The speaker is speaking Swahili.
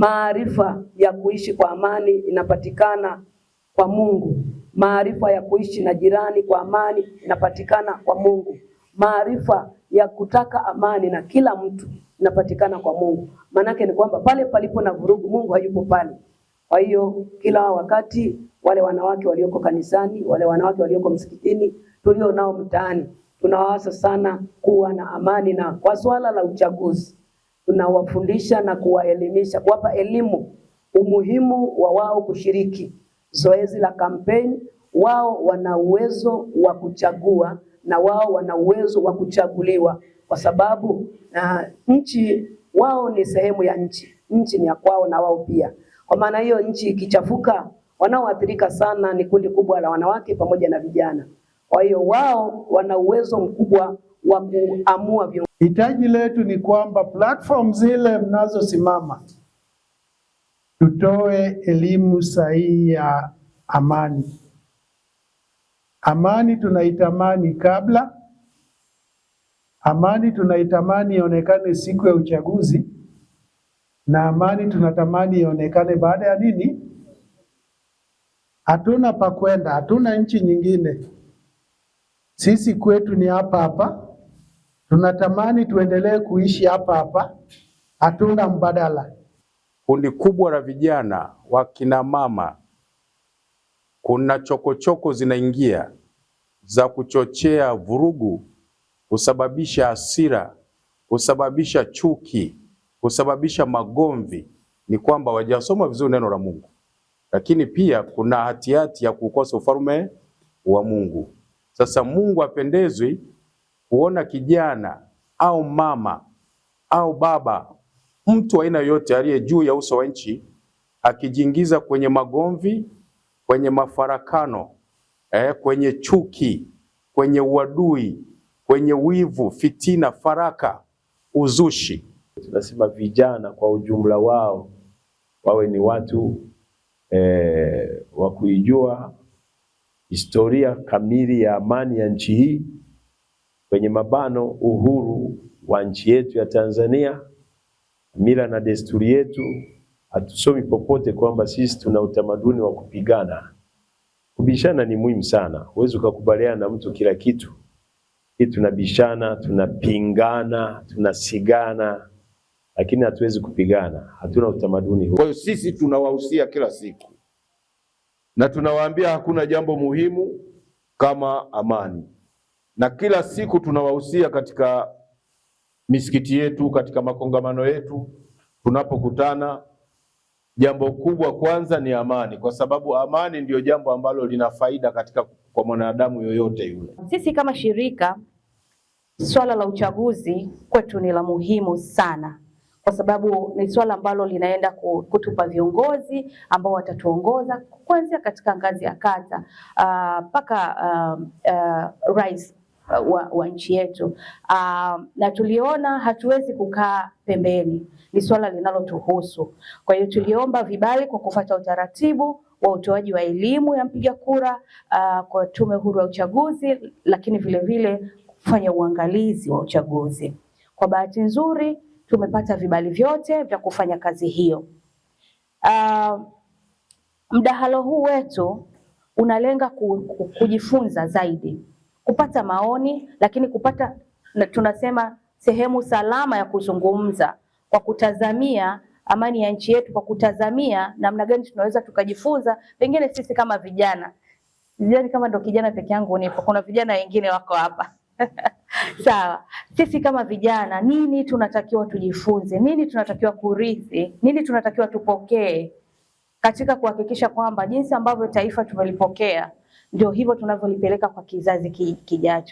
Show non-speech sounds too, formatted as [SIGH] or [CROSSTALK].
Maarifa ya kuishi kwa amani inapatikana kwa Mungu. Maarifa ya kuishi na jirani kwa amani inapatikana kwa Mungu. Maarifa ya kutaka amani na kila mtu inapatikana kwa Mungu. Maanake ni kwamba pale palipo na vurugu, Mungu hayupo pale. Kwa hiyo kila wakati wale wanawake walioko kanisani, wale wanawake walioko msikitini, tulio nao mtaani, tunawaasa sana kuwa na amani, na kwa swala la uchaguzi tunawafundisha na kuwaelimisha, kuwapa elimu umuhimu wa wao kushiriki zoezi la kampeni. Wao wana uwezo wa kuchagua na wao wana uwezo wa kuchaguliwa, kwa sababu na nchi wao ni sehemu ya nchi, nchi ni ya kwao na wao pia. Kwa maana hiyo, nchi ikichafuka, wanaoathirika sana ni kundi kubwa la wanawake pamoja na vijana. Kwa hiyo wao wana uwezo mkubwa wa kuamua viongozi. Hitaji letu ni kwamba platform zile mnazosimama, tutoe elimu sahihi ya amani. Amani tunaitamani kabla, amani tunaitamani ionekane siku ya uchaguzi, na amani tunatamani ionekane baada ya nini? Hatuna pa kwenda, hatuna nchi nyingine. Sisi kwetu ni hapa hapa, tunatamani tuendelee kuishi hapa hapa, hatuna mbadala. Kundi kubwa la vijana kina mama, kuna chokochoko zinaingia za kuchochea vurugu, kusababisha hasira, kusababisha chuki, kusababisha magomvi. Ni kwamba wajasoma vizuri neno la Mungu, lakini pia kuna hatihati ya kukosa ufalme wa Mungu. Sasa Mungu apendezwi kuona kijana au mama au baba, mtu aina yoyote aliye juu ya uso wa nchi akijiingiza kwenye magomvi, kwenye mafarakano eh, kwenye chuki, kwenye uadui, kwenye wivu, fitina, faraka, uzushi. Tunasema vijana kwa ujumla wao wawe ni watu eh, wa kuijua historia kamili ya amani ya nchi hii, kwenye mabano uhuru wa nchi yetu ya Tanzania, mila na desturi yetu. Hatusomi popote kwamba sisi tuna utamaduni wa kupigana. Kubishana ni muhimu sana, huwezi ukakubaliana na mtu kila kitu. Hii tunabishana, tunapingana, tunasigana, lakini hatuwezi kupigana, hatuna utamaduni huo. Kwa hiyo sisi tunawahusia kila siku na tunawaambia hakuna jambo muhimu kama amani, na kila siku tunawahusia katika misikiti yetu, katika makongamano yetu, tunapokutana, jambo kubwa kwanza ni amani, kwa sababu amani ndiyo jambo ambalo lina faida katika kwa mwanadamu yoyote yule. Sisi kama shirika, swala la uchaguzi kwetu ni la muhimu sana kwa sababu ni swala ambalo linaenda kutupa viongozi ambao watatuongoza kuanzia katika ngazi ya kata ah, mpaka uh, uh, uh, rais wa, wa nchi yetu uh, na tuliona hatuwezi kukaa pembeni, ni swala linalotuhusu. Kwa hiyo tuliomba vibali kwa kufuata utaratibu wa utoaji wa elimu ya mpiga kura uh, kwa Tume Huru ya Uchaguzi, lakini vilevile kufanya uangalizi wa uchaguzi. Kwa bahati nzuri tumepata vibali vyote vya kufanya kazi hiyo. Uh, mdahalo huu wetu unalenga ku, ku, kujifunza zaidi, kupata maoni, lakini kupata na tunasema sehemu salama ya kuzungumza kwa kutazamia amani ya nchi yetu, kwa kutazamia namna gani tunaweza tukajifunza, pengine sisi kama vijana, sijani kama ndo kijana peke yangu nipo, kuna vijana wengine wako hapa [LAUGHS] [LAUGHS] Sawa, sisi kama vijana, nini tunatakiwa tujifunze? Nini tunatakiwa kurithi? Nini tunatakiwa tupokee katika kuhakikisha kwamba jinsi ambavyo taifa tumelipokea ndio hivyo tunavyolipeleka kwa kizazi kijacho.